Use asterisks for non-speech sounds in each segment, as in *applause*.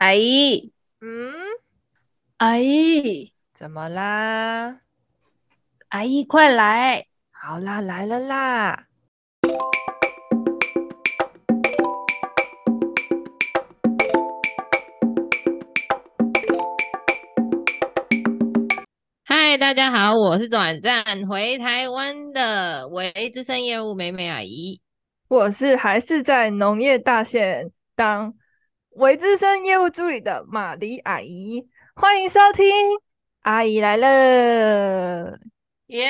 阿姨，嗯，阿姨，怎麼啦？阿姨，快來！好啦，來了啦！嗨，大家好，我是短暫回台灣的微資深業務美美阿姨，我是還是在農業大縣當。為資深業務助理的馬黎阿姨，歡迎收聽，阿姨來了，耶、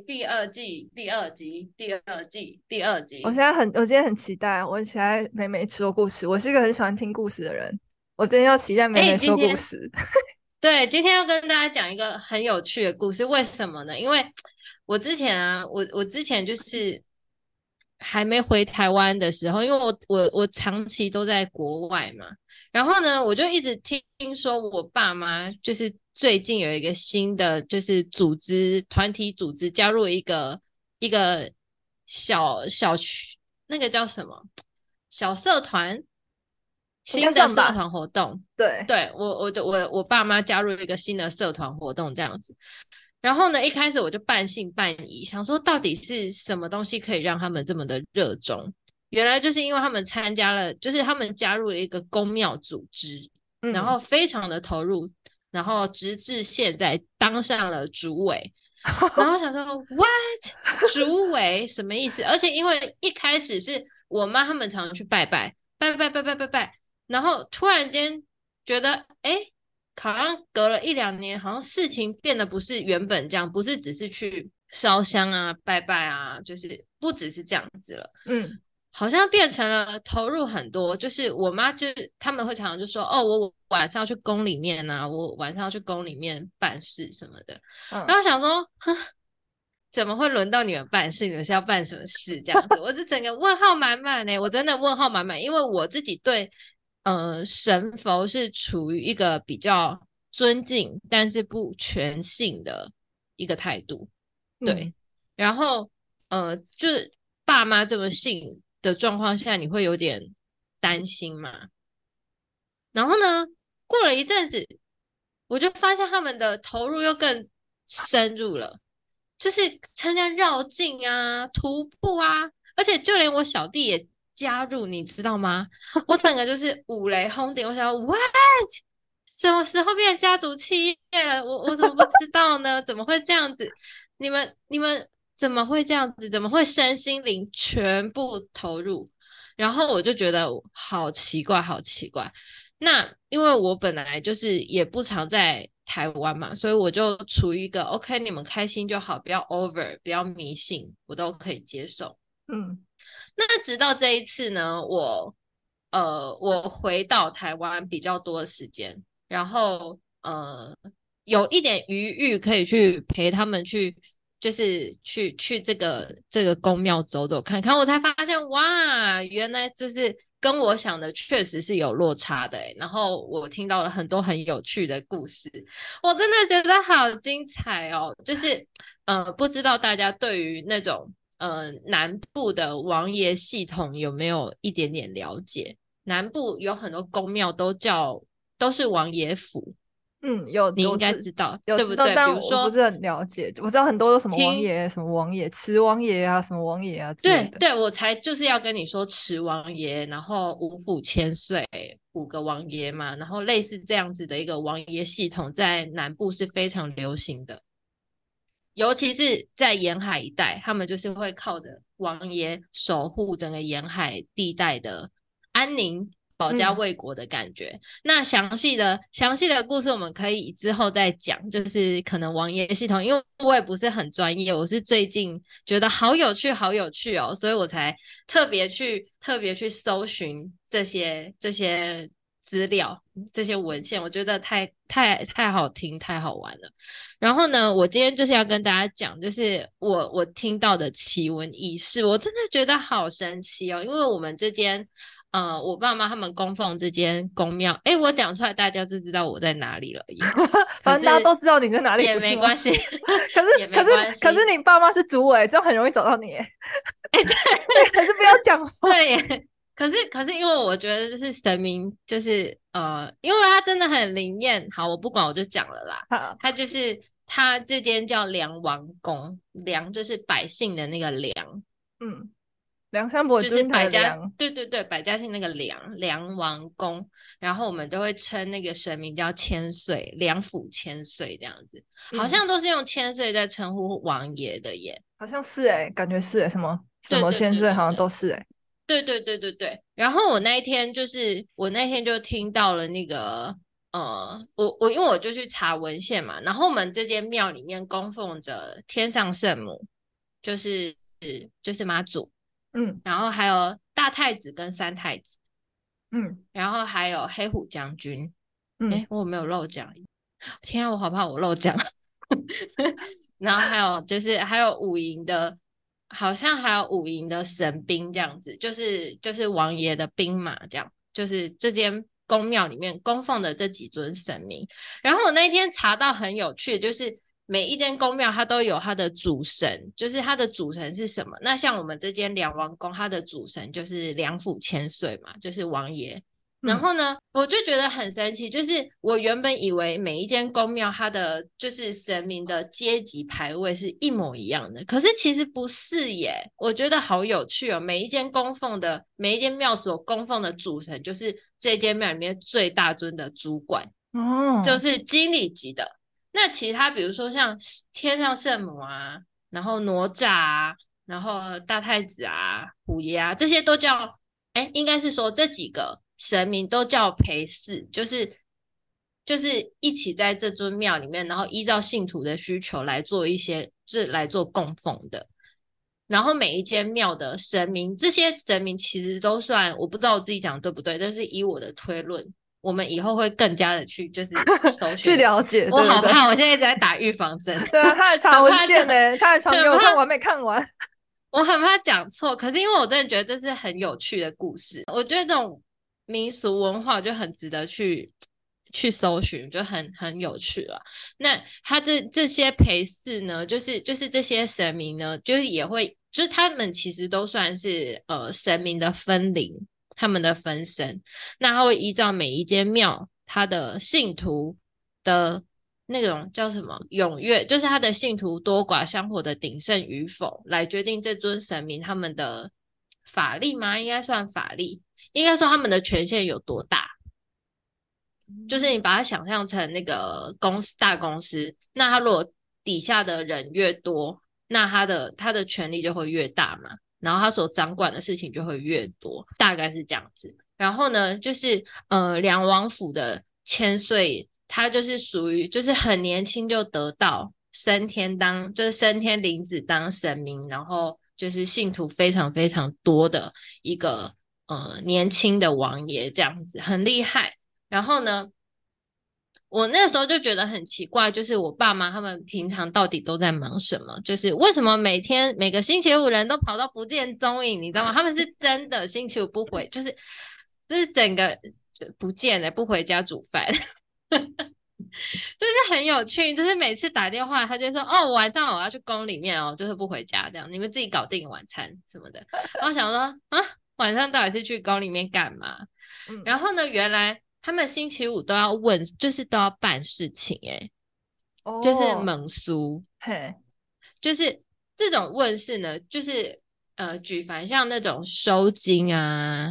yeah,！第二季第二集，第二季第二集。我現在很，我今天很期待，我很期待美美說故事。我是一個很喜歡聽故事的人，我今天要期待美美說故事。欸、 *laughs* 對，今天要跟大家講一個很有趣的故事，為什麼呢？因為我之前啊，我我之前就是。還沒回台灣的時候，因為我我我長期都在國外嘛，然後呢，我就一直聽說我爸媽就是最近有一個新的就是組織團體組織，加入一個一個小小區，那個叫什麼小社團，新的社團活動，對對，我我的我我爸媽加入一個新的社團活動，這樣子。然後呢，一開始我就半信半疑，想說到底是什麼東西可以讓他們這麼的熱衷？原來就是因為他們參加了，就是他們加入了一個宮廟組織，嗯、然後非常的投入，然後直至現在當上了主委，然後想說 *laughs* What? 主委什麼意思？ *laughs* 而且因為一開始是我媽他們常常去拜拜，拜拜拜拜拜拜，拜拜，然後突然間覺得哎。誒好像隔了一兩年，好像事情變得不是原本這樣，不是只是去燒香啊、拜拜啊，就是不只是這樣子了。嗯，好像變成了投入很多，就是我媽就是他們會常常就說：“哦，我晚上要去宮裡面吶、啊，我晚上要去宮裡面辦事什麼的。嗯”然後想說，哼，怎麼會輪到你們辦事？你們是要辦什麼事這樣子？我就整個問號滿滿嘞、欸，我真的問號滿滿，因為我自己對。呃，神佛是處於一個比較尊敬，但是不全信的一個態度，對。嗯、然後，呃，就是爸媽這麼信的狀況下，你會有點擔心嗎？然後呢，過了一陣子，我就發現他們的投入又更深入了，就是參加繞境啊、徒步啊，而且就連我小弟也。加入，你知道嗎？我整個就是五雷轟頂，我想說 what 什麼時候變成家族企業了？我我怎麼不知道呢？怎麼會這樣子？你們你們怎麼會這樣子？怎麼會身心靈全部投入？然後我就覺得好奇怪好奇怪。那因為我本來就是也不常在台灣嘛，所以我就處於一個 OK，你們開心就好，不要 over，不要迷信，我都可以接受。嗯。那直到這一次呢，我呃，我回到台灣比較多的時間，然後呃，有一點餘裕可以去陪他們去，就是去去這個這個宮廟走走看看，我才發現哇，原來就是跟我想的確實是有落差的，然後我聽到了很多很有趣的故事，我真的覺得好精彩哦，就是呃，不知道大家對於那種，呃，南部的王爺系統有沒有一點點了解？南部有很多宮廟都叫都是王爺府，嗯，有，你應該知道，有對不對，有知道，但，說但我不是很了解。我知道很多都什麼王爺，聽什麼王爺，池王爺啊，什麼王爺啊，對對，我才就是要跟你說池王爺，然後五府千歲，五個王爺嘛，然後類似這樣子的一個王爺系統在南部是非常流行的。尤其是在沿海一帶，他們就是會靠着王爺守護整個沿海地帶的安寧、保家衛國的感覺。嗯、那詳細的、詳細的故事，我們可以之後再講。就是可能王爺系統，因為我也不是很專業，我是最近覺得好有趣、好有趣哦，所以我才特別去、特別去搜尋這些、這些。資料這些文獻，我覺得太太太好聽、太好玩了。然後呢，我今天就是要跟大家講，就是我我聽到的奇聞異事，我真的覺得好神奇哦。因為我們這間，呃，我爸媽他們供奉這間宮廟，哎、欸，我講出來大家就知道我在哪裡了。 *laughs* 反正大家都知道你在哪裡也沒關係 *laughs* 可是可是可是你爸媽是主委，這樣很容易找到你。哎， *laughs* 對，可是不要講話 *laughs* 對耶。可是，可是，因為我覺得就是神明，就是呃，因為他真的很靈驗。好，我不管，我就講了啦。好他就是他這間叫梁王宮，梁就是百姓的那個梁。嗯，梁山伯之梁就是百家。對對對，百家姓那個梁，梁王宮。然後我們都會稱那個神明叫千歲，梁府千歲這樣子，嗯、好像都是用千歲在稱呼王爺的耶。好像是哎、欸，感覺是哎、欸，什麼什麼千歲，好像都是哎、欸。對對對對對，然後我那一天就是我那天就聽到了那個呃，我我因為我就去查文獻嘛，然後我們這間廟裡面供奉着天上聖母，就是就是媽祖，嗯，然後還有大太子跟三太子，嗯，然後還有黑虎將軍，哎、嗯，我有沒有漏講？天啊，我好怕我漏講， *laughs* *laughs* 然後還有就是還有五營的。好像還有五營的神兵這樣子，就是就是王爺的兵馬這樣，就是這間宮廟裡面供奉的這幾尊神明。然後我那一天查到很有趣，就是每一間宮廟它都有它的主神，就是它的主神是什麼？那像我們這間梁王宮，它的主神就是梁府千歲嘛，就是王爺。然後呢，嗯、我就覺得很神奇，就是我原本以為每一間宮廟它的就是神明的階級排位是一模一樣的，可是其實不是耶。我覺得好有趣哦，每一間供奉的每一間廟所供奉的主神，就是這間廟裡面最大尊的主管，哦、嗯，就是經理級的。那其他比如說像天上聖母啊，然後哪吒啊，然後大太子啊，虎爺啊，這些都叫，哎，應該是說這幾個。神明都叫陪祀，就是就是一起在這尊廟裡面，然後依照信徒的需求來做一些，就來做供奉的。然後每一間廟的神明，這些神明其實都算，我不知道我自己講的對不對，但是以我的推論，我們以後會更加的去就是 *laughs* 去了解。我好怕，對對對，我現在一直在打預防針。 *laughs* 對啊，他還查文獻呢，他還查給我，但我沒看完。我很怕講錯，可是因為我真的覺得這是很有趣的故事，我覺得這種。民俗文化就很值得去去搜尋，就很很有趣了啊。那他這這些陪祀呢，就是就是這些神明呢，就是也會，就是他們其實都算是呃神明的分靈，他們的分身。那他會依照每一間廟他的信徒的那種叫什麼踴躍，就是他的信徒多寡、香火的鼎盛與否，來決定這尊神明他們的法力嗎？應該算法力。應該說他們的權限有多大，就是你把它想象成那個公司，大公司，那他如果底下的人越多，那他的他的權力就會越大嘛，然後他所掌管的事情就會越多，大概是這樣子。然後呢，就是呃，梁王府的千歲，他就是屬於就是很年輕就得到升天當，就是升天靈子當神明，然後就是信徒非常非常多的一個。呃，年輕的王爺這樣子，很厲害。然後呢，我那時候就覺得很奇怪，就是我爸媽他們平常到底都在忙什麼？就是為什麼每天每個星期五人都跑到不見蹤影，你知道嗎？他們是真的星期五不回，就是就是整個就不見了，不回家煮飯， *laughs* 就是很有趣。就是每次打電話，他就說：“哦，晚上我要去宮裡面哦，就是不回家這樣，你們自己搞定晚餐什麼的。”然後想說啊。晚上到底是去宮裡面幹嘛？嗯、然後呢，原來他們星期五都要問，就是都要辦事情哎、欸，哦、就是蒙蘇，嘿，就是這種問事呢，就是呃舉凡像那種收驚啊、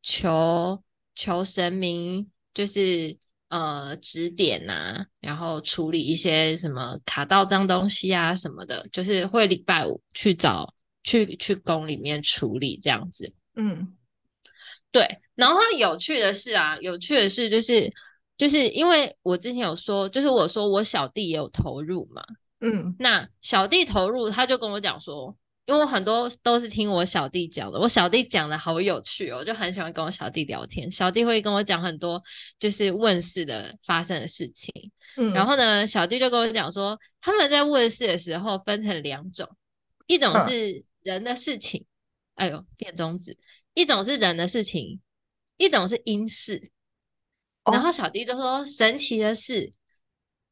求求神明，就是呃指點吶、啊，然後處理一些什麼卡到髒東西啊什麼的，就是會禮拜五去找去去宮裡面處理這樣子。嗯，對，然後有趣的是啊，有趣的是就是就是因為我之前有說，就是我說我小弟也有投入嘛，嗯，那小弟投入，他就跟我講說，因為我很多都是聽我小弟講的，我小弟講的好有趣哦，我就很喜歡跟我小弟聊天，小弟會跟我講很多就是問世的發生的事情，嗯，然後呢，小弟就跟我講說，他們在問世的時候分成兩種，一種是人的事情，嗯，哎呦，變終止。一種是人的事情，一種是陰事。哦、然後小弟就說：“神奇的是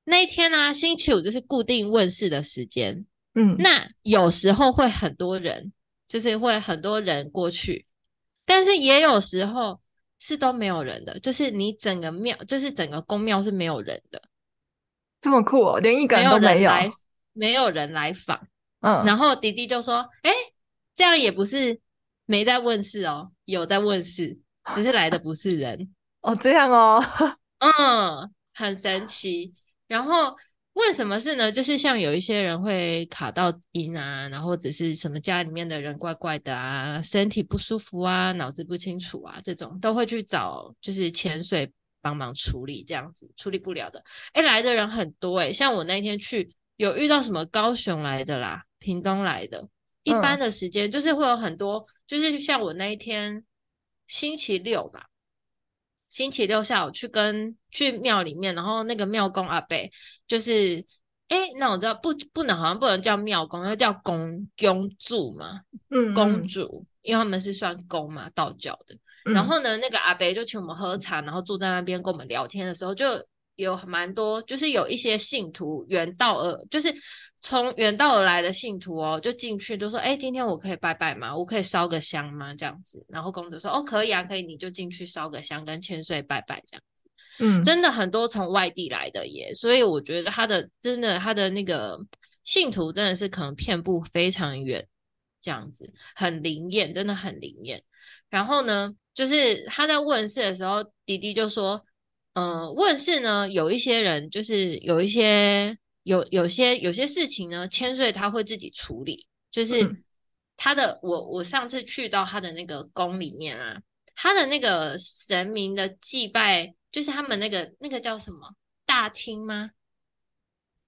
那一天呢、啊，星期五就是固定問事的時間。嗯，那有時候會很多人，就是會很多人過去，但是也有時候是都沒有人的，就是你整個廟，就是整個宮廟是沒有人的。這麼酷哦，連一個人都沒有，沒有，沒有人來訪。嗯，然後弟弟就說：‘哎、欸，這樣也不是。’沒在問事哦？有在問事，只是來的不是人哦，這樣哦，嗯，很神奇。然後問什麼事呢？就是像有一些人會卡到陰啊，然後只是什麼家裡面的人怪怪的啊，身體不舒服啊，腦子不清楚啊，這種都會去找就是潛水幫忙處理，這樣子處理不了的。哎，來的人很多哎、欸，像我那天去有遇到什麼高雄來的啦，屏東來的，一般的時間就是會有很多、嗯。就是像我那一天，星期六吧，星期六下午去跟去廟裡面，然後那個廟公阿伯就是，哎、欸，那我知道不不能好像不能叫廟公，要叫公公主嘛，嗯，公主，因為他們是算公嘛，道教的。嗯、然後呢，那個阿伯就請我們喝茶，然後坐在那邊跟我們聊天的時候，就有蠻多，就是有一些信徒遠道呃，就是。從遠道而來的信徒哦，就進去就說：“哎、欸，今天我可以拜拜嗎？我可以燒個香嗎？”這樣子，然後公主說：“哦，可以啊，可以，你就進去燒個香，跟千歲拜拜這樣子。”嗯，真的很多從外地來的耶，所以我覺得他的真的他的那個信徒真的是可能遍佈非常遠，這樣子很靈驗，真的很靈驗。然後呢，就是他在問事的時候，弟弟就說：“嗯、呃，問事呢，有一些人就是有一些。”有有些有些事情呢，千歲他會自己處理。就是他的，嗯、我我上次去到他的那個宮裡面啊，他的那個神明的祭拜，就是他們那個那個叫什麼大廳嗎？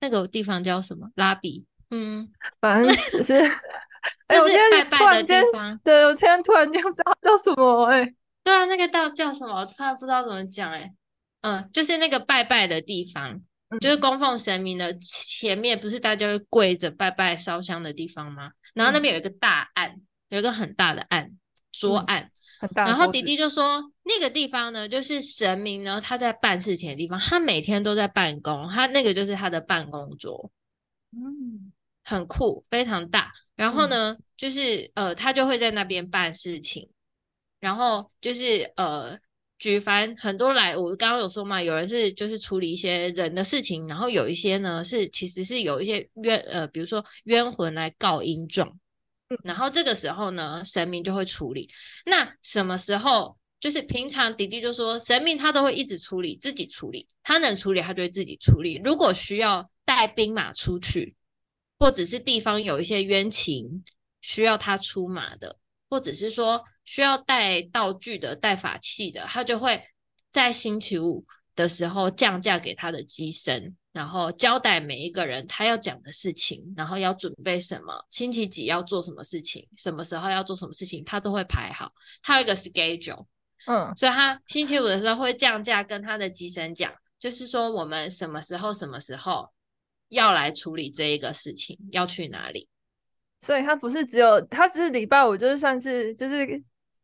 那個地方叫什麼？拉比？嗯，反正就是 *laughs* 、欸、就是拜拜的地方，哎，我現在突然間，對，我現在突然間不知道叫什麼、欸？哎，對啊，那個道叫什麼？我突然不知道怎麼講哎、欸，嗯，就是那個拜拜的地方。就是供奉神明的，嗯、前面不是大家會跪着拜拜燒香的地方嗎？然後那邊有一個大案，嗯、有一個很大的案桌案，嗯、很大的，然後弟弟就說那個地方呢，就是神明呢，然後他在辦事情的地方，他每天都在辦公，他那個就是他的辦公桌，嗯，很酷，非常大。然後呢，嗯、就是呃，他就會在那邊辦事情，然後就是呃。舉凡很多來，我剛剛有說嘛，有人是就是處理一些人的事情，然後有一些呢是其實是有一些冤呃，比如說冤魂來告冤狀，嗯、然後這個時候呢，神明就會處理。那什麼時候就是平常弟弟就說，神明他都會一直處理自己處理，他能處理他就會自己處理，如果需要帶兵馬出去，或者是地方有一些冤情需要他出馬的，或者是說需要帶道具的、帶法器的，他就會在星期五的時候降價給他的機身，然後交代每一個人他要講的事情，然後要準備什麼，星期幾要做什麼事情，什麼時候要做什麼事情，他都會排好，他有一個 schedule，嗯，所以他星期五的時候會降價跟他的機身講，就是說我們什麼時候、什麼時候要來處理這一個事情，要去哪裡，所以他不是只有他只是禮拜五就是算是就是。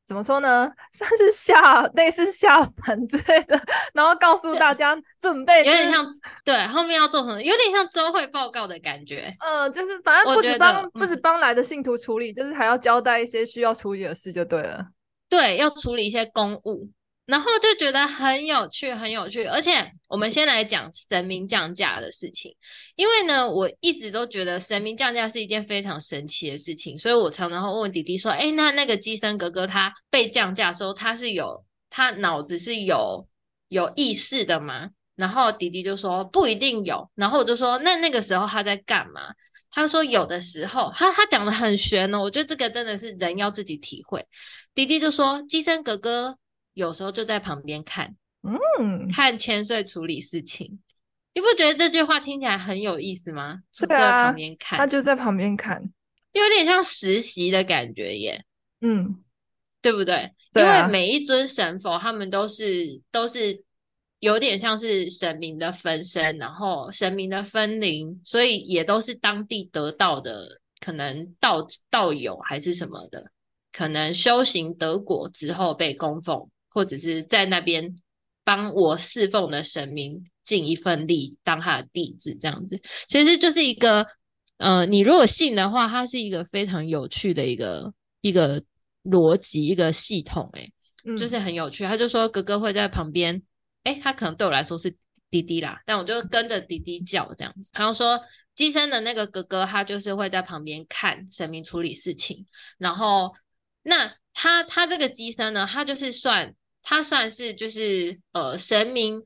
怎麼說呢？算是下類似下凡之類的，然後告訴大家準備、就是，有點像對後面要做什麼，有點像週會報告的感覺。嗯、呃，就是反正不止幫不止幫來的信徒處理，就是還要交代一些需要處理的事就對了。嗯、對，要處理一些公務。然後就覺得很有趣，很有趣，而且我們先來講神明降駕的事情，因為呢，我一直都覺得神明降駕是一件非常神奇的事情，所以我常常會問弟弟說：“誒，那那個雞生哥哥他被降駕的時候，他是有他腦子是有有意識的嗎？”然後弟弟就說：“不一定有。”然後我就說：“那那個時候他在幹嘛？”他說：“有的時候，他他講的很玄哦。”我覺得這個真的是人要自己體會。弟弟就說：“雞生哥哥。”有時候就在旁邊看，嗯，看千歲處理事情，你不覺得這句話聽起來很有意思嗎？啊、就在旁邊看，他就在旁邊看，有點像實習的感覺耶，嗯，對不對？對啊、因為每一尊神佛，他們都是都是有點像是神明的分身，然後神明的分靈，所以也都是當地得道的，可能道道友還是什麼的，可能修行得果之後被供奉。或者是在那邊幫我侍奉的神明盡一份力，當他的弟子這樣子，其實就是一個，呃，你如果信的話，它是一個非常有趣的一個一個邏輯一個系統、欸，哎，就是很有趣。他就說哥哥會在旁邊，哎、欸，他可能對我來說是弟弟啦，但我就跟着弟弟叫這樣子。然後說機身的那個哥哥，他就是會在旁邊看神明處理事情，然後那他他這個機身呢，他就是算。他算是就是呃神明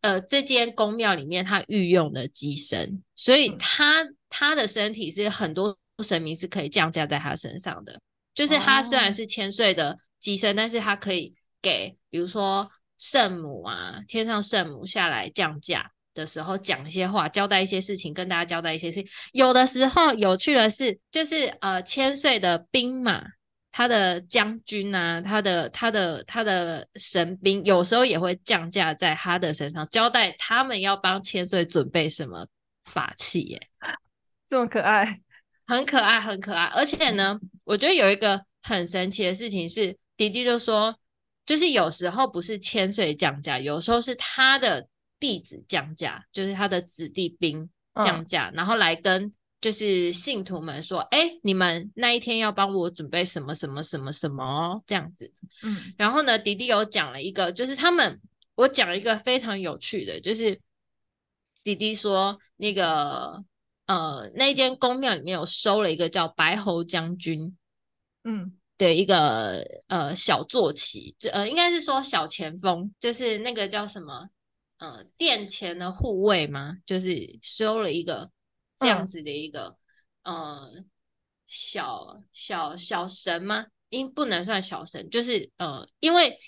呃這間宮廟裡面他御用的乩身，所以他，嗯、他的身體是很多神明是可以降駕在他身上的。就是他雖然是千歲的乩身，哦哦，但是他可以給比如說聖母啊，天上聖母下來降駕的時候講一些話，交代一些事情，跟大家交代一些事情。有的時候有趣的是，就是呃千歲的兵馬。他的將軍啊，他的他的他的神兵有時候也會降駕在他的身上，交代他們要幫千歲準備什麼法器耶？這麼可愛，很可愛，很可愛。而且呢，嗯、我覺得有一個很神奇的事情是，弟弟、嗯、就說，就是有時候不是千歲降駕，有時候是他的弟子降駕，就是他的子弟兵降駕，嗯、然後來跟。就是信徒們說：“哎，你們那一天要幫我準備什麼什麼什麼什麼、哦、這樣子。”嗯，然後呢，弟弟有講了一個，就是他們我講了一個非常有趣的，就是弟弟說那個呃，那一間宮廟裡面有收了一個叫白猴將軍，嗯的一個、嗯、呃小坐騎，這呃應該是說小前鋒，就是那個叫什麼呃殿前的護衛嗎？就是收了一個。這樣子的一個，嗯、呃，小小小神嗎？應不能算小神，就是呃，因為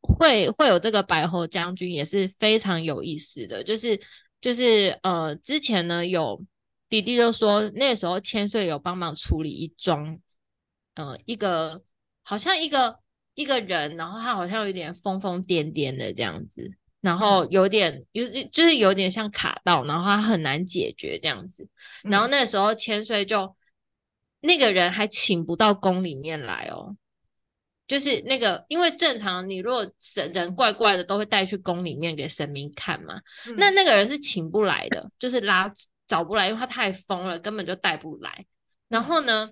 會會有這個白喉將軍也是非常有意思的，就是就是呃，之前呢有弟弟就說，那時候千歲有幫忙處理一樁，呃，一個好像一個一個人，然後他好像有點瘋瘋癲癲的這樣子。然後有點、嗯、有就是有點像卡到，然後他很難解決這樣子。然後那時候千歲就、嗯、那個人還請不到宮裡面來哦，就是那個因為正常你如果神人怪怪的都會帶去宮裡面給神明看嘛，嗯、那那個人是請不來的，就是拉找不來，因為他太瘋了，根本就帶不來。然後呢，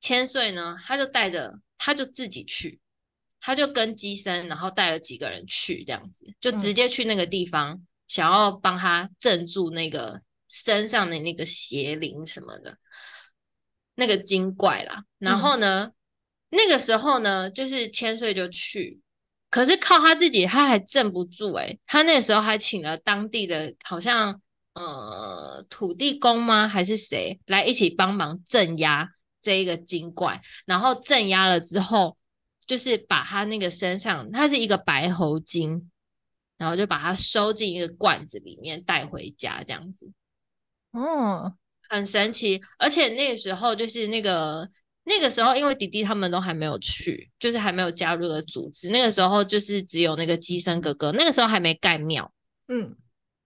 千歲呢他就帶着他就自己去。他就跟乩身，然後帶了幾個人去，這樣子就直接去那個地方，嗯、想要幫他鎮住那個身上的那個邪靈什麼的，那個精怪啦。然後呢，嗯、那個時候呢，就是千歲就去，可是靠他自己他還鎮不住誒、欸、他那時候還請了當地的，好像呃土地公嗎還是誰來一起幫忙鎮壓這一個精怪，然後鎮壓了之後。就是把他那個身上，他是一個白猴精，然後就把他收進一個罐子裡面帶回家這樣子，哦，很神奇。而且那個時候就是那個那個時候，因為弟弟他們都還沒有去，就是還沒有加入的組織。那個時候就是只有那個雞生哥哥，那個時候還沒蓋廟，嗯，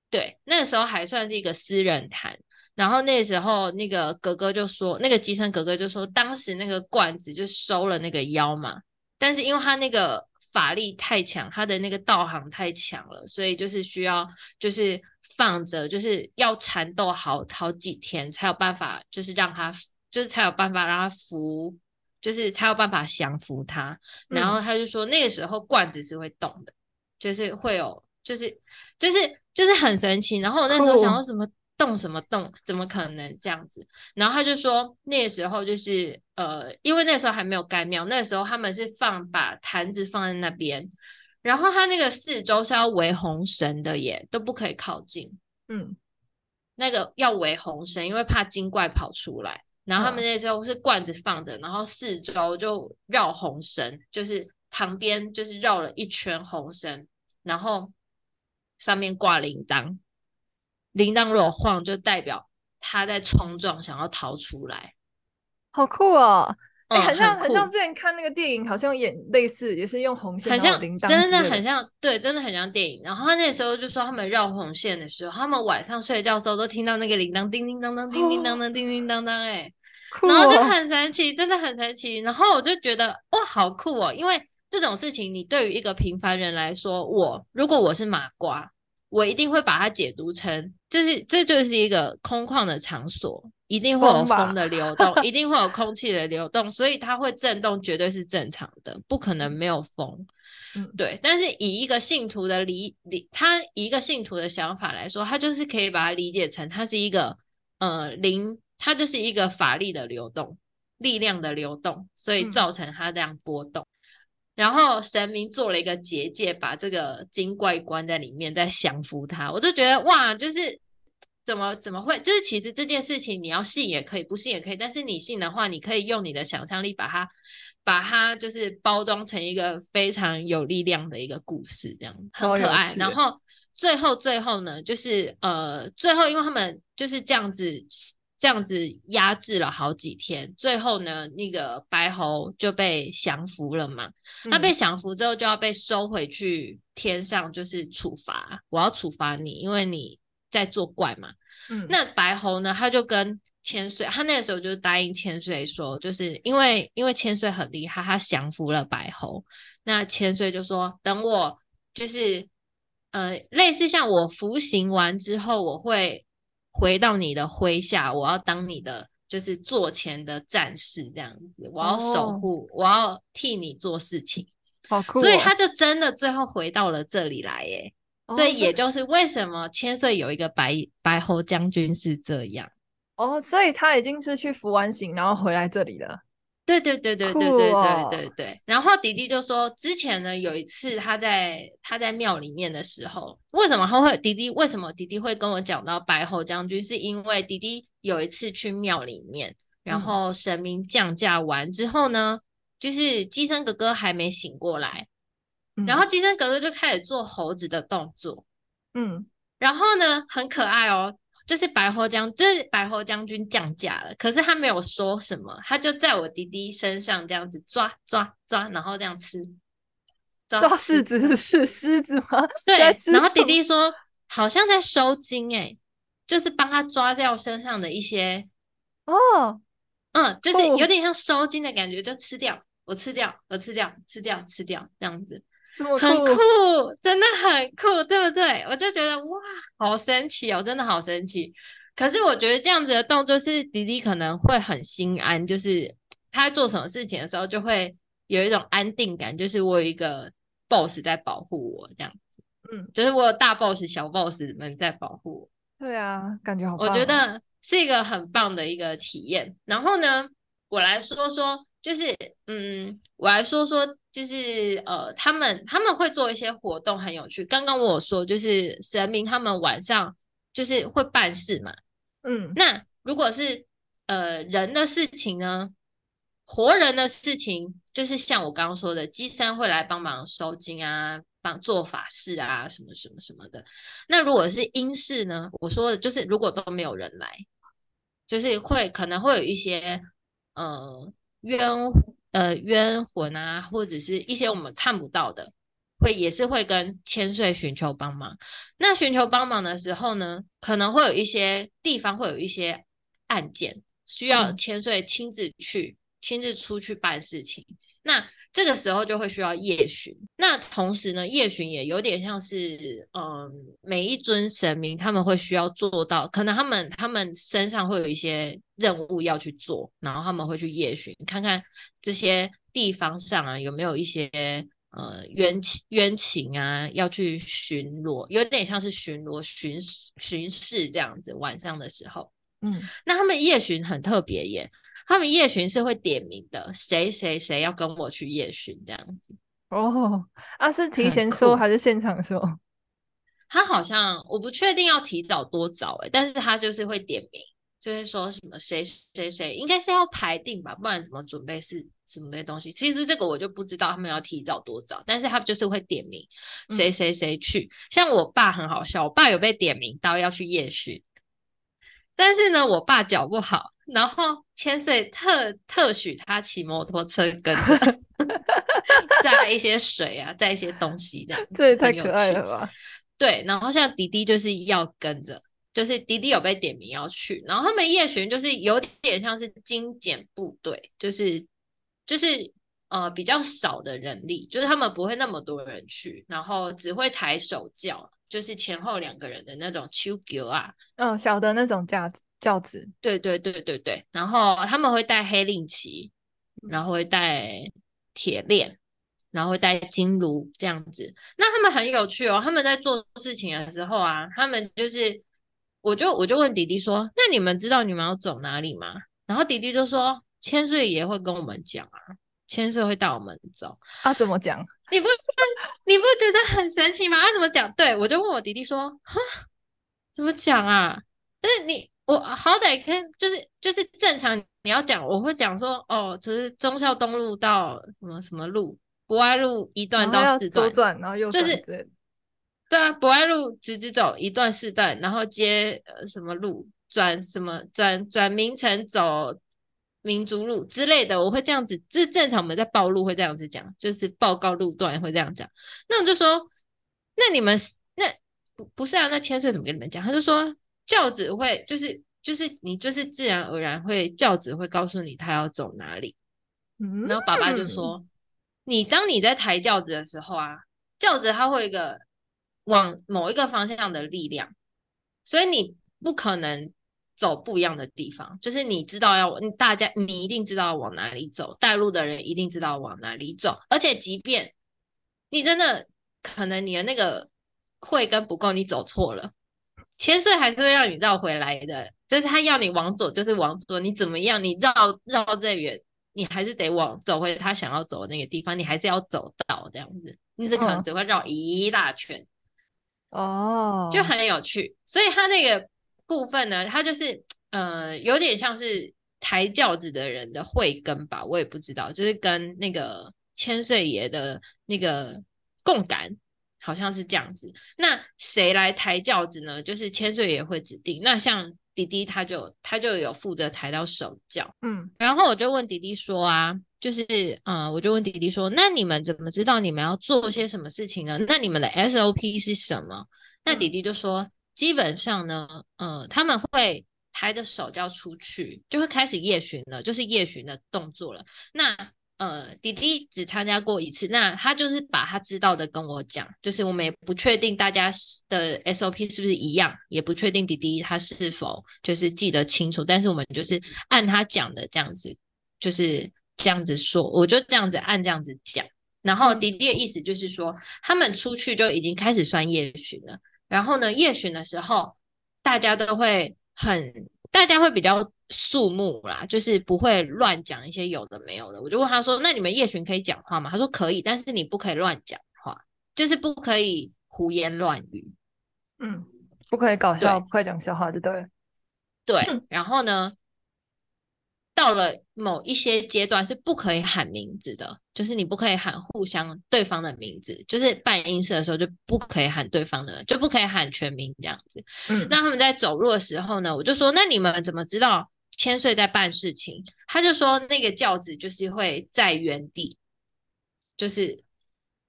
對，那個時候還算是一個私人壇。然後那個時候那個哥哥就說，那個雞生哥哥就說，當時那個罐子就收了那個妖嘛。但是因為他那個法力太強，他的那個道行太強了，所以就是需要就是放着就是要纏鬥好好幾天才有辦法，就是讓他就是才有辦法讓他服，就是才有辦法降服他。嗯、然後他就說那個時候罐子是會動的，就是會有就是就是就是很神奇。然後我那時候想要什麼？動什麼動？怎麼可能這樣子？然後他就說，那個時候就是呃，因為那時候還沒有蓋廟，那個時候他們是放把壇子放在那邊，然後他那個四周是要圍紅繩的耶，都不可以靠近。嗯，那個要圍紅繩，因為怕精怪跑出來。然後他們那時候是罐子放着，哦，然後四周就繞紅繩，就是旁邊就是繞了一圈紅繩，然後上面掛鈴鐺。鈴鐺如果晃，就代表他在衝撞，想要逃出來，好酷哦！哎，很像，很像之前看那個電影，好像演類似，也是用紅線，很像鈴鐺，真的很像，對，真的很像電影。然後他那時候就說，他們繞紅線的時候，他們晚上睡覺的時候都聽到那個鈴鐺叮叮噹噹，叮叮噹噹，叮叮噹噹，哎，然後就很神奇，真的很神奇。然後我就覺得哇，好酷哦！因為這種事情，你對於一個平凡人來說，我如果我是麻瓜。我一定會把它解讀成，這是這就是一個空曠的場所，一定會有風的流動，風吧 *laughs* 一定會有空氣的流動，所以它會震動，絕對是正常的，不可能沒有風。嗯、對。但是以一個信徒的理理，他以一個信徒的想法來說，他就是可以把它理解成，它是一個呃靈，它就是一個法力的流動，力量的流動，所以造成它這樣波動。嗯然後神明做了一個結界，把這個精怪關在裡面，再降服它。我就覺得哇，就是怎麼怎麼會？就是其實這件事情你要信也可以，不信也可以。但是你信的話，你可以用你的想象力把它把它就是包裝成一個非常有力量的一個故事，這樣很可愛。超可愛。然後最後最後呢，就是呃，最後因為他們就是這樣子。這樣子壓制了好幾天，最後呢，那個白猴就被降服了嘛。那、嗯、被降服之後，就要被收回去天上，就是處罰，我要處罰你，因為你在作怪嘛。嗯、那白猴呢，他就跟千歲，他那個時候就答應千歲說，就是因為因為千歲很厲害，他降服了白猴。那千歲就說，等我就是呃，類似像我服刑完之後，我會。回到你的麾下，我要當你的就是座前的戰士這樣子，我要守護，哦、我要替你做事情。好酷、哦！所以他就真的最後回到了這裡來耶，哎、哦，所以也就是為什麼千歲有一個白白喉將軍是這樣。哦，所以他已經是去服完刑，然後回來這裡了。對對對對對對對對對，對，對、cool 哦，然後弟弟就說，之前呢有一次他在他在廟裡面的時候，為什麼他會弟弟？為什麼弟弟會跟我講到白猴將軍？是因為弟弟有一次去廟裡面，然後神明降駕完之後呢，嗯、就是乩身哥哥還沒醒過來，嗯、然後乩身哥哥就開始做猴子的動作，嗯，然後呢很可愛哦。就是白喉將，就是白喉將軍降駕了，可是他沒有說什麼，他就在我弟弟身上這樣子抓抓抓，抓，然後這樣吃。抓，抓獅子是吃獅，獅，獅子嗎？對，然後弟弟說好像在收驚哎，就是幫他抓掉身上的一些哦，oh. Oh. 嗯，就是有點像收驚的感覺，就吃掉，吃掉，我吃掉，我吃掉，吃掉，吃掉，吃掉這樣子。這麼酷，很酷，真的很酷，對不對？我就覺得哇，好神奇哦，真的好神奇。可是我覺得這樣子的動作是弟弟可能會很心安，就是他在做什麼事情的時候就會有一種安定感，就是我有一個 boss 在保護我這樣子。嗯，就是我有大 boss、小 boss 們在保護我。對啊，感覺好棒。我覺得是一個很棒的一個體驗。然後呢，我來說說，就是嗯，我來說說。就是呃，他們他們會做一些活動，很有趣。剛剛我說，就是神明他們晚上就是會辦事嘛，嗯。那如果是呃人的事情呢，活人的事情，就是像我剛剛說的，乩身會來幫忙收驚啊，幫做法事啊，什麼什麼什麼的。那如果是陰事呢，我說的就是如果都沒有人來，就是會可能會有一些呃冤。呃，冤魂啊，或者是一些我們看不到的，會也是會跟千歲尋求幫忙。那尋求幫忙的時候呢，可能會有一些地方會有一些案件，需要千歲親自去，嗯、親自出去辦事情。那這個時候就會需要夜巡，那同時呢，夜巡也有點像是，嗯，每一尊神明他們會需要做到，可能他們他們身上會有一些任務要去做，然後他們會去夜巡，看看這些地方上啊有沒有一些呃冤情冤情啊要去巡邏，有點像是巡邏巡巡視這樣子，晚上的時候，嗯，那他們夜巡很特別耶。他們夜巡是會點名的，誰誰誰要跟我去夜巡這樣子哦啊，是提前說酷還是現場說？他好像我不確定要提早多早誒，但是他就是會點名，就是說什麼誰誰誰應該是要排定吧，不然怎麼準備是什麼東西？其實這個我就不知道他們要提早多早，但是他就是會點名誰誰誰去。嗯、像我爸很好笑，我爸有被點名到要去夜巡。但是呢，我爸腳不好，然後千歲特特許他騎摩托車跟着載 *laughs* *laughs* 一些水啊，載一些東西這樣。這也太可愛了吧！很有趣。對，然後像弟弟就是要跟着，就是弟弟有被點名要去。然後他們夜巡就是有點像是精簡部隊，就是就是呃比較少的人力，就是他們不會那麼多人去，然後只會抬手叫，就是前後兩個人的那種手轎啊，嗯、哦，小的那種轎子，轎子，對對對對對。然後他們會戴黑令旗，然後會戴鐵鏈，然後會帶金爐這樣子。那他們很有趣哦，他們在做事情的時候啊，他們就是，我就我就問弟弟說：“那你們知道你們要走哪裡嗎？”然後弟弟就說：“千歲爺會跟我們講啊，千歲會帶我們走啊。”怎麼講？ *laughs* 你不，你不覺得很神奇嗎？他、啊、怎麼講？對我就問我弟弟說，哈，怎麼講啊？但是你我好歹可以，就是就是正常你要講，我會講說哦，就是忠孝東路到什麼什麼路，博愛路一段到四段，左轉然後右轉，然後、就是、對啊，博愛路直直走一段四段，然後接呃什麼路轉什麼轉轉名城走。民族路之類的，我會這樣子，就是正常我們在報路會這樣子講，就是報告路段會這樣講。那我就說，那你們那不不是啊？那千歲怎麼跟你們講？他就說轎子會，就是就是你就是自然而然會轎子會告訴你他要走哪裡。嗯，然後爸爸就說，嗯、你當你在抬轎子的時候啊，轎子它會一個往某一個方向上的力量，所以你不可能。走不一樣的地方，就是你知道要往大家，你一定知道往哪裡走，帶路的人一定知道往哪裡走。而且，即便你真的可能你的那個會跟不夠，你走錯了，千歲還是會讓你繞回來的。就是他要你往左，就是往左，你怎麼樣你？你繞繞再遠，你還是得往走回他想要走的那個地方，你還是要走到這樣子。你只可能只會繞一大圈，哦，oh。就很有趣。所以他那個。部分呢，他就是呃，有點像是抬轎子的人的慧根吧，我也不知道，就是跟那個千歲爺的那個共感，好像是這樣子。那誰來抬轎子呢？就是千歲爺會指定。那像弟弟他就他就有負責抬到手轎，嗯。然後我就問弟弟說啊，就是嗯、呃，我就問弟弟說，那你們怎麼知道你們要做些什麼事情呢？那你們的 SOP 是什麼？那弟弟就說。嗯基本上呢，呃，他們會抬着手就要出去，就會開始夜巡了，就是夜巡的動作了。那呃，弟弟只參加過一次，那他就是把他知道的跟我講，就是我們也不確定大家的 SOP 是不是一樣，也不確定弟弟他是否就是記得清楚，但是我們就是按他講的這樣子，就是這樣子說，我就這樣子按這樣子講。然後弟弟的意思就是說，他們出去就已經開始算夜巡了。然後呢，夜巡的時候，大家都會很，大家會比較肅穆啦，就是不會亂講一些有的沒有的。我就問他說：“那你們夜巡可以講話嗎？”他說：“可以，但是你不可以亂講話，就是不可以胡言亂語，嗯，不可以搞笑，對不可以講笑話，對對。”對，然後呢？ *coughs* 到了某一些階段是不可以喊名字的，就是你不可以喊互相對方的名字，就是辦儀式的時候就不可以喊對方的，就不可以喊全名這樣子。嗯，那他們在走路的時候呢，我就說那你們怎麼知道千歲在辦事情？他就說那個轎子就是會在原地，就是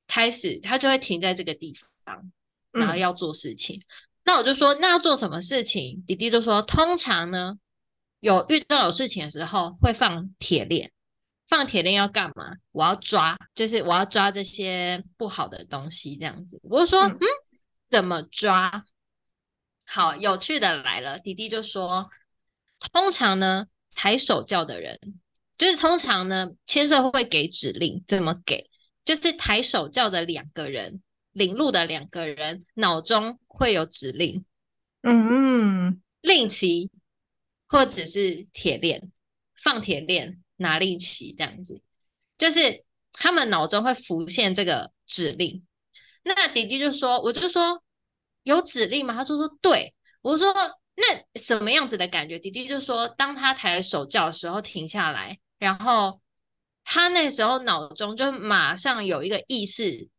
開始他就會停在這個地方，然後要做事情。嗯、那我就說那要做什麼事情？弟弟就說通常呢。有遇到有事情的時候，會放鐵鏈放鐵鏈要幹嘛？我要抓，就是我要抓這些不好的東西，這樣子。我就說，嗯、嗯，怎麼抓？好，有趣的來了，弟弟就說，通常呢，抬手叫的人，就是通常呢，牽繩會給指令，怎麼給？就是抬手叫的兩個人，領路的兩個人，腦中會有指令，嗯嗯哼，令旗。或者是鐵鏈，放鐵鏈，拿令旗這樣子，就是他們腦中會浮現這個指令。那弟弟就說：“我就說有指令嗎？”他說：“說對。”我說：“那什麼樣子的感覺？”弟弟就說：“當他抬手叫的時候停下來，然後他那時候腦中就馬上有一個意識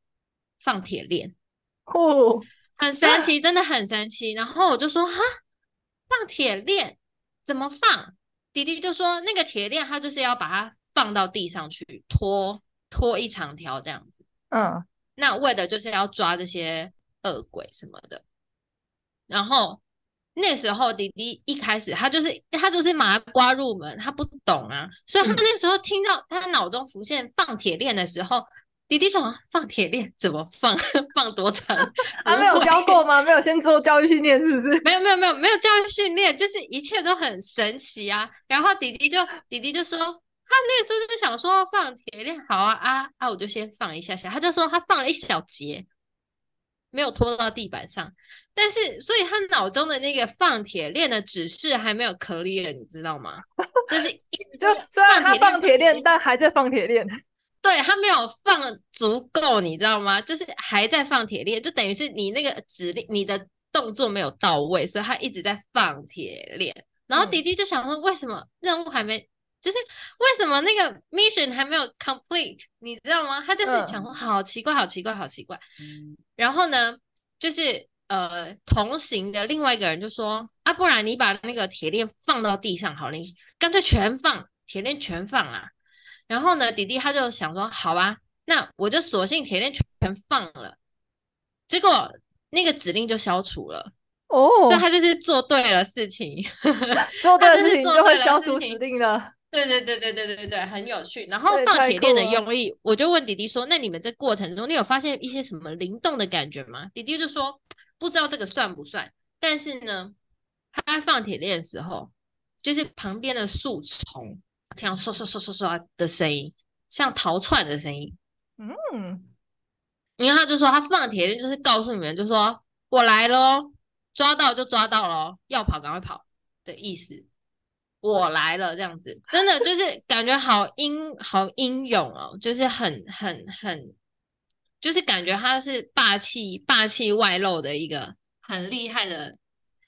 放鐵鏈，哦，很神奇，真的很神奇。哦”然後我就說：“哈，放鐵鏈。”怎麼放？弟弟就說那個鐵鏈，他就是要把它放到地上去拖，拖一長條這樣子。嗯，那為的就是要抓這些惡鬼什麼的。然後那時候弟弟一開始他、就是，他就是他就是麻瓜入門，他不懂啊，所以他那時候聽到他腦中浮現放鐵鏈的時候。嗯弟弟說、啊：“放鐵鏈怎麼放？放多長？他、 *laughs* 啊、沒有教過嗎？ *laughs* 沒有先做教育訓練是不是？沒有沒有沒有沒有教育訓練，就是一切都很神奇啊！然後弟弟就弟弟就說，他那個時候就想說放鐵鏈，好啊啊啊！我就先放一下下，他就說他放了一小節，沒有拖到地板上。但是，所以他腦中的那個放鐵鏈的指示還沒有 clear，你知道嗎？ *laughs* 就，就是一直就雖然他放鐵鏈，但還在放鐵鏈。”對他沒有放足夠，你知道嗎？就是還在放鐵鏈，就等於是你那個指令，你的動作沒有到位，所以他一直在放鐵鏈。然後弟弟就想說，為什麼任務還沒？嗯、就是為什麼那個 mission 還沒有 complete？你知道嗎？他就是講說好奇怪，好奇怪，好奇怪。然後呢，就是呃，同行的另外一個人就說，啊，不然你把那個鐵鏈放到地上好了，你乾脆全放鐵鏈全放啊。然後呢，弟弟他就想說：“好吧、啊，那我就索性鐵鏈全放了。”結果那個指令就消除了。哦，所以他就是做對了事情， *laughs* 做對了事情就，就會消除指令的。對 *laughs* 對對對對對對對，很有趣。然後放鐵鏈的用意，我就問弟弟說：“那你們在過程中，你有發現一些什麼靈動的感覺嗎？”弟弟就說：“不知道這個算不算，但是呢，他在放鐵鏈的時候，就是旁邊的樹叢。”聽唰唰唰唰唰的聲音，像逃竄的聲音。嗯，因為他就說他放鐵鏈，就是告訴你們，就說我來嘍，抓到就抓到嘍，要跑趕快跑的意思。嗯、我來了，這樣子真的就是感覺好英 *laughs* 好英勇哦，就是很很很，就是感覺他是霸氣霸氣外露的一個很厲害的，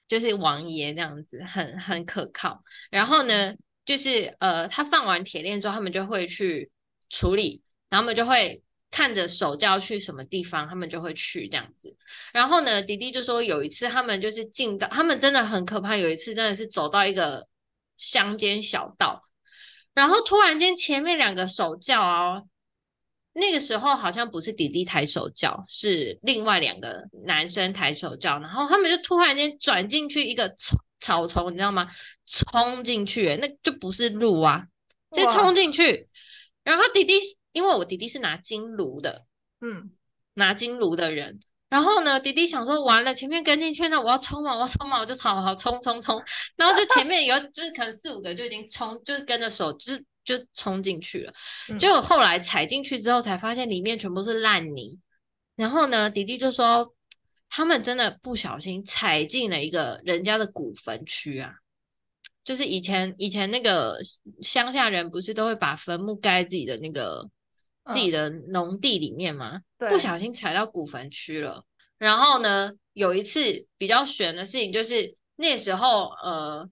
就是王爺這樣子，很很可靠。然後呢，就是呃，他放完鐵鏈之後，他們就會去處理，然後他們就會看着手轎去什麼地方，他們就會去這樣子。然後呢，弟弟就說有一次他們就是進到，他們真的很可怕。有一次真的是走到一個鄉間小道，然後突然間前面兩個手轎哦，那個時候好像不是弟弟抬手轎，是另外兩個男生抬手轎，然後他們就突然間轉進去一個。草叢，你知道嗎？衝進去、欸，那就不是路啊，就哇衝進去。然後弟弟，因為我弟弟是拿金爐的，嗯，拿金爐的人。然後呢，弟弟想說，完了，前面跟進去，那我要衝嘛、啊，我要衝嘛、啊啊，我就好好、啊衝，啊、衝衝衝。然後就前面有， *laughs* 就是可能四五個就已經衝，就是跟着手，就是就衝進去了。結果、嗯、後來踩進去之後，才發現裡面全部是爛泥。然後呢，弟弟就說。他們真的不小心踩進了一個人家的古墳區啊！就是以前以前那個鄉下人不是都會把墳墓蓋自己的那個、呃、自己的農地裡面嗎？對不小心踩到古墳區了。然後呢，有一次比較懸的事情，就是那時候呃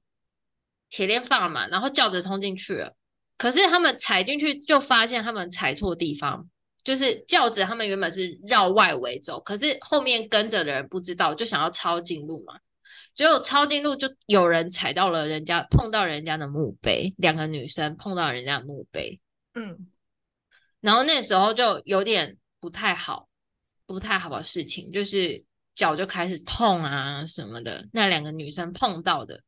鐵鏈放嘛，然後轎子衝進去了。可是他們踩進去就發現他們踩錯地方。就是轎子，他們原本是繞外圍走，可是後面跟着的人不知道，就想要抄近路嘛。結果抄近路就有人踩到了人家，碰到人家的墓碑。兩個女生碰到人家的墓碑，嗯，然後那時候就有點不太好，不太好，好的事情，就是腳就開始痛啊什麼的。那兩個女生碰到的，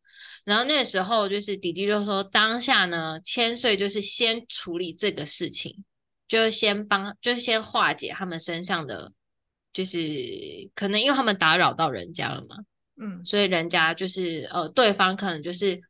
然後那時候就是弟弟就說，當下呢，千歲就是先處理這個事情。就先幫，就先化解他們身上的，就是可能因為他們打擾到人家了嘛，嗯，所以人家就是呃，對方可能就是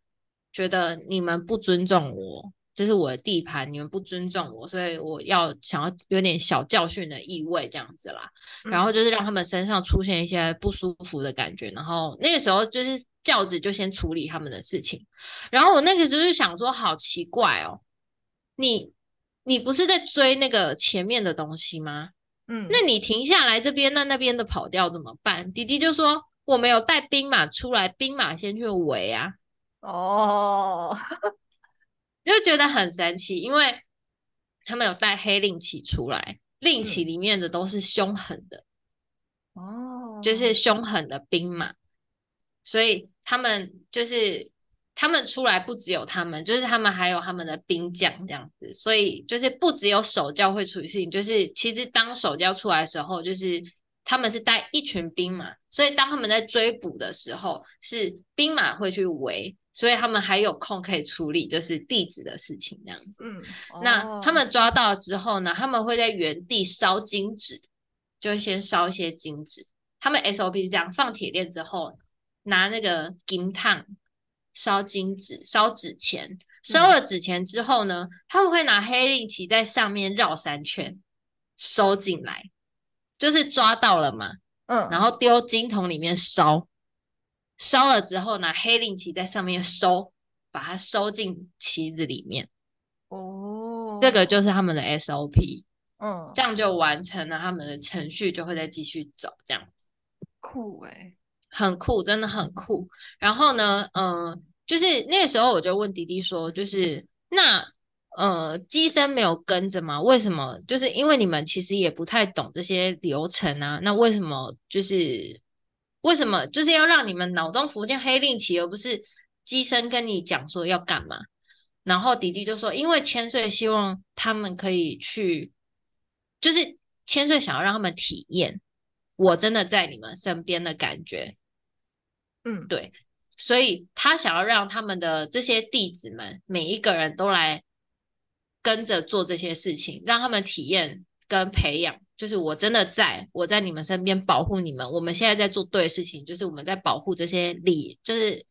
覺得你們不尊重我，這是我的地盤，你們不尊重我，所以我要想要有點小教訓的意味這樣子啦，嗯，然後就是讓他們身上出現一些不舒服的感覺，然後那個時候就是教子就先處理他們的事情，然後我那個時候就想說，好奇怪哦，你。你不是在追那個前面的東西嗎？嗯，那你停下來這邊，那那邊的跑掉怎麼辦？弟弟就說我沒有帶兵馬出來，兵馬先去圍啊。哦，oh. *laughs* 就覺得很神奇，因為他們有帶黑令旗出來，令旗裡面的都是凶狠的，哦，oh. 就是凶狠的兵馬，所以他們就是。他們出來不只有他們，就是他們還有他們的兵將這樣子，所以就是不只有守教會處理事情，就是其實當守教出來的時候，就是他們是帶一群兵馬，所以當他們在追捕的時候，是兵馬會去圍，所以他們還有空可以處理就是弟子的事情這樣子。嗯，哦、那他們抓到了之後呢，他們會在原地燒金紙，就先燒一些金紙。他們 SOP 是這樣放鐵鏈之後，拿那個金燙。燒金紙，燒紙錢，燒了紙錢之後呢，嗯、他們會拿黑令旗在上面繞三圈，收進來，就是抓到了嘛，嗯，然後丟金桶裡面燒，燒了之後拿黑令旗在上面收，把它收進旗子裡面，哦，這個就是他們的 SOP，嗯，這樣就完成了他們的程序，就會再繼續走這樣子，酷哎、欸。很酷，真的很酷。然後呢，呃，就是那個時候我就問弟弟說，就是那呃，乩身沒有跟着嗎？為什麼？就是因為你們其實也不太懂這些流程啊。那為什麼就是為什麼就是要讓你們腦中浮現黑令旗，而不是乩身跟你講說要幹嘛？然後弟弟就說，因為千歲希望他們可以去，就是千歲想要讓他們體驗我真的在你們身邊的感覺。嗯，對，所以他想要讓他們的這些弟子們每一個人都來跟着做這些事情，讓他們體驗跟培養，就是我真的在我在你們身邊保護你們。我們現在在做對的事情，就是我們在保護這些禮，就是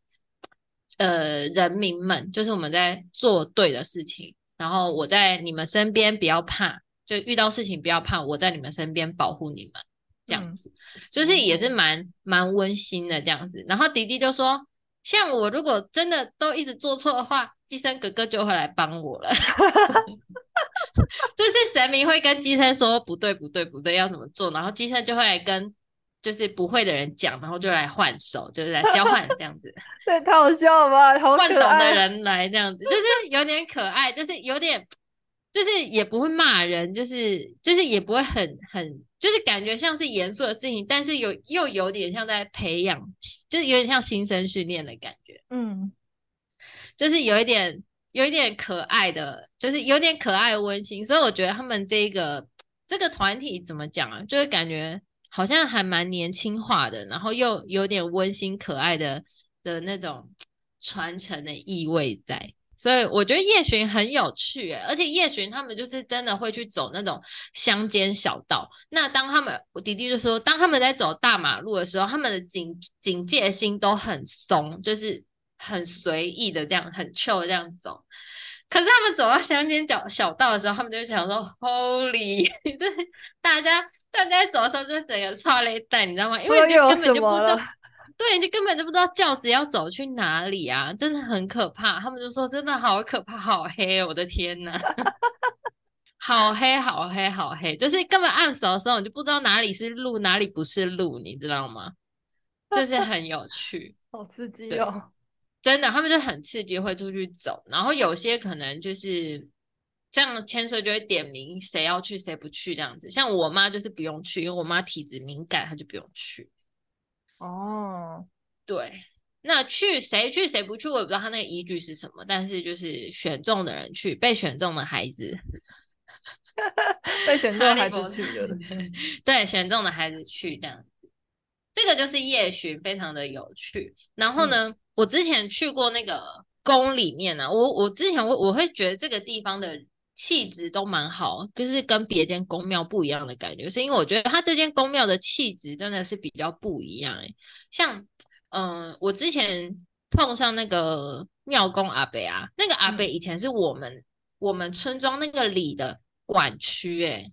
呃人民們，就是我們在做對的事情。然後我在你們身邊，不要怕，就遇到事情不要怕，我在你們身邊保護你們。這樣子就是也是蠻蠻溫馨的這樣子，然後弟弟就說：“像我如果真的都一直做錯的話，乩生哥哥就會來幫我了。” *laughs* *laughs* 就是神明會跟乩生說：“不對，不對，不對，要怎麼做？”然後乩生就會來跟就是不會的人講，然後就來換手，就是來交換這樣子。 *laughs* 對，太好笑了吧？換懂的人來這樣子，就是有點可愛，就是有點，就是也不會罵人，就是就是也不會很很。就是感覺像是嚴肅的事情，但是有又有點像在培養，就是有點像新生訓練的感覺。嗯，就是有一點有一點可愛的，就是有點可愛溫馨。所以我覺得他們這一個這個團體怎麼講啊，就是感覺好像還蠻年輕化的，然後又有點溫馨可愛的的那種傳承的意味在。所以我覺得夜巡很有趣，欸，哎，而且夜巡他們就是真的會去走那種鄉間小道。那當他們，我弟弟就說，當他們在走大馬路的時候，他們的警警戒心都很鬆，就是很隨意的這樣，很 chill 這樣走。可是他們走到鄉間小小道的時候，他們就想說，Holy！就是大家大家走的時候就整個剉咧等，你知道嗎？因為根本就不知道。對，你根本就不知道轎子要走去哪裡啊，真的很可怕。他們就說真的好可怕，好黑，我的天吶， *laughs* 好黑好黑好黑，就是根本按手的時候，你就不知道哪裡是路，哪裡不是路，你知道嗎？ *laughs* 就是很有趣， *laughs* 好刺激哦，真的，他們就很刺激，會出去走。然後有些可能就是這樣牽涉就會點名誰要去，誰不去這樣子。像我媽就是不用去，因為我媽體質敏感，她就不用去。哦，oh. 對，那去誰去誰不去，我也不知道他那個依據是什麼。但是就是選中的人去，被選中的孩子， *laughs* 被選中的孩子去，對，選中的孩子去這樣。這個就是夜巡，非常的有趣。然後呢，嗯、我之前去過那個宮裡面呢，啊，我我之前我我會覺得這個地方的。氣質都蠻好，就是跟別間宮廟不一樣的感覺，是因為我覺得他這間宮廟的氣質真的是比較不一樣哎、欸。像，嗯、呃，我之前碰上那個廟公阿伯啊，那個阿伯以前是我們、嗯、我們村莊那個里的管區哎、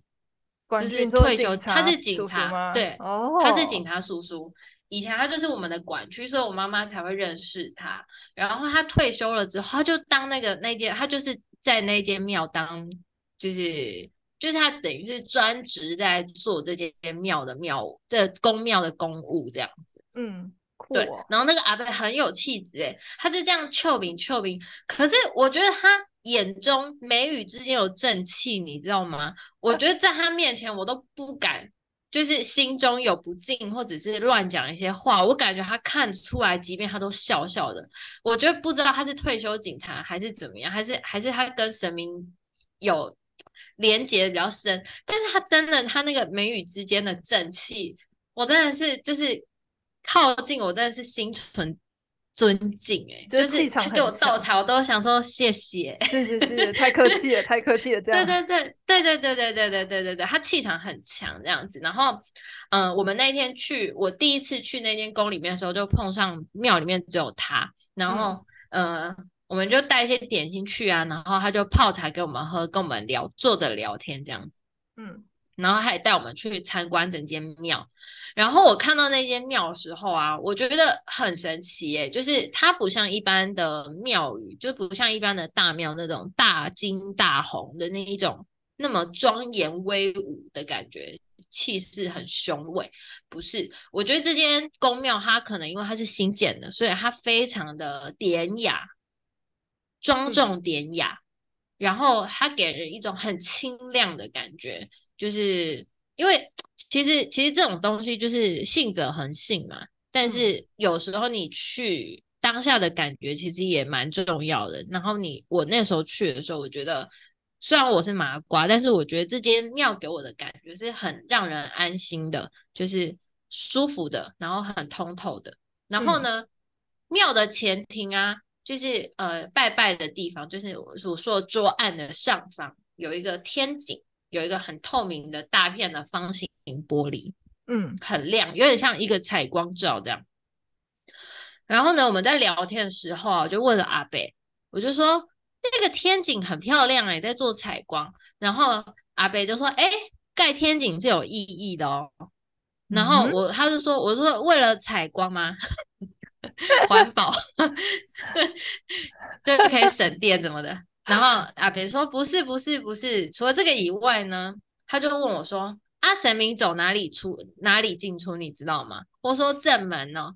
欸，就是退休，他是警察，叔叔對，哦、他是警察叔叔，以前他就是我們的管區，所以我媽媽才會認識他。然後他退休了之後，他就當那個那間，他就是。在那間廟當，就是就是他等於是專職在做這間廟的廟的宮廟的公務這樣子，嗯，酷哦、對。然後那個阿伯很有氣質哎，他就這樣俏餅俏餅，可是我覺得他眼中眉宇之間有正氣，你知道嗎？我覺得在他面前我都不敢。就是心中有不敬，或者是亂講一些話，我感覺他看出來，即便他都笑笑的，我覺得不知道他是退休警察還是怎麼樣，還是還是他跟神明有連接比較深，但是他真的他那個眉宇之間的正氣，我真的是就是靠近，我真的是心存。尊敬。哎、欸，就，氣就是氣場很強。就是他給我倒茶，我都想說謝謝，謝謝謝謝，太客氣了， *laughs* 了，太客氣了，這樣。對對對對對對對對對對對，他氣場很強這樣子。然後，嗯、呃，我們那天去，我第一次去那間宮裡面的時候，就碰上廟裡面只有他。然後，嗯、呃，我們就帶一些點心去啊，然後他就泡茶給我們喝，跟我們聊，坐着聊天這樣子。嗯。然後他也帶我們去參觀整間廟，然後我看到那間廟的時候啊，我覺得很神奇耶、欸，就是它不像一般的廟宇，就不像一般的大廟那種大金大紅的那一種，那麼莊嚴威武的感覺，氣勢很雄偉。不是，我覺得這間宮廟它可能因為它是新建的，所以它非常的典雅、莊重典雅，嗯、然後它給人一種很清亮的感覺。就是因為其實其實這種東西就是信者恆信嘛，但是有時候你去當下的感覺其實也蠻重要的。然後你我那時候去的時候，我覺得雖然我是麻瓜，但是我覺得這間廟給我的感覺是很讓人安心的，就是舒服的，然後很通透的。然後呢，嗯、廟的前庭啊，就是呃拜拜的地方，就是我所說的桌案的上方有一個天井。有一個很透明的大片的方形玻璃，嗯，很亮，有點像一個採光罩這樣。然後呢，我們在聊天的時候啊，就問了阿北，我就說那、這個天井很漂亮誒、欸，在做採光。然後阿北就說：“哎、欸，蓋天井是有意義的哦。”然後我他就說：“我說為了採光嗎？環 *laughs* 環保 *laughs* 就可以省電怎麼的？”然後阿伯說：“不是，不是，不是，除了這個以外呢？”他就問我說：“啊，神明走哪裡出？哪裡進出？你知道嗎？”我說：“正門哦。”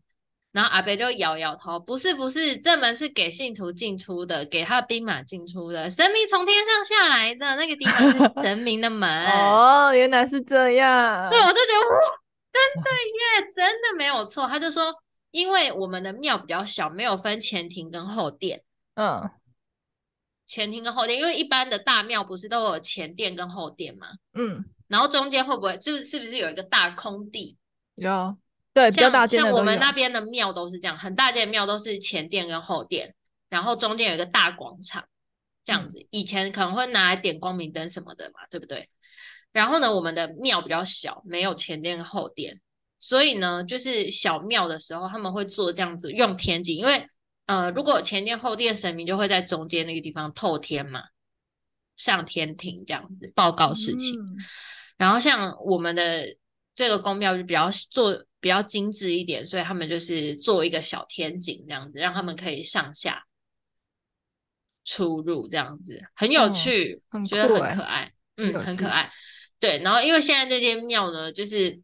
然後阿伯就搖搖頭：“不是，不是，正門是給信徒進出的，給他的兵馬進出的。神明從天上下來的那個地方是神明的門。” *laughs* 哦，原來是這樣。對，我就覺得哇，真的耶，真的沒有錯。他就說：“因為我們的廟比較小，沒有分前庭跟後殿。”嗯。前殿跟後殿，因為一般的大廟不是都有前殿跟後殿嘛？嗯，然後中間會不會就是，是不是有一個大空地？有、哦，對，像比較大像我們那邊的廟都是這樣，很大間的廟都是前殿跟後殿，然後中間有一個大廣場，這樣子，嗯、以前可能會拿來點光明燈什麼的嘛，對不對？然後呢，我們的廟比較小，沒有前殿跟後殿，所以呢，就是小廟的時候他們會做這樣子，用天井，因為。呃，如果前殿後殿神明就會在中間那個地方透天嘛，上天庭這樣子報告事情。嗯、然後像我們的這個宮廟就比較做比較精緻一點，所以他們就是做一個小天井這樣子，讓他們可以上下出入這樣子，很有趣，哦欸、覺得很可愛，嗯，很可愛。對，然後因為現在這間廟呢，就是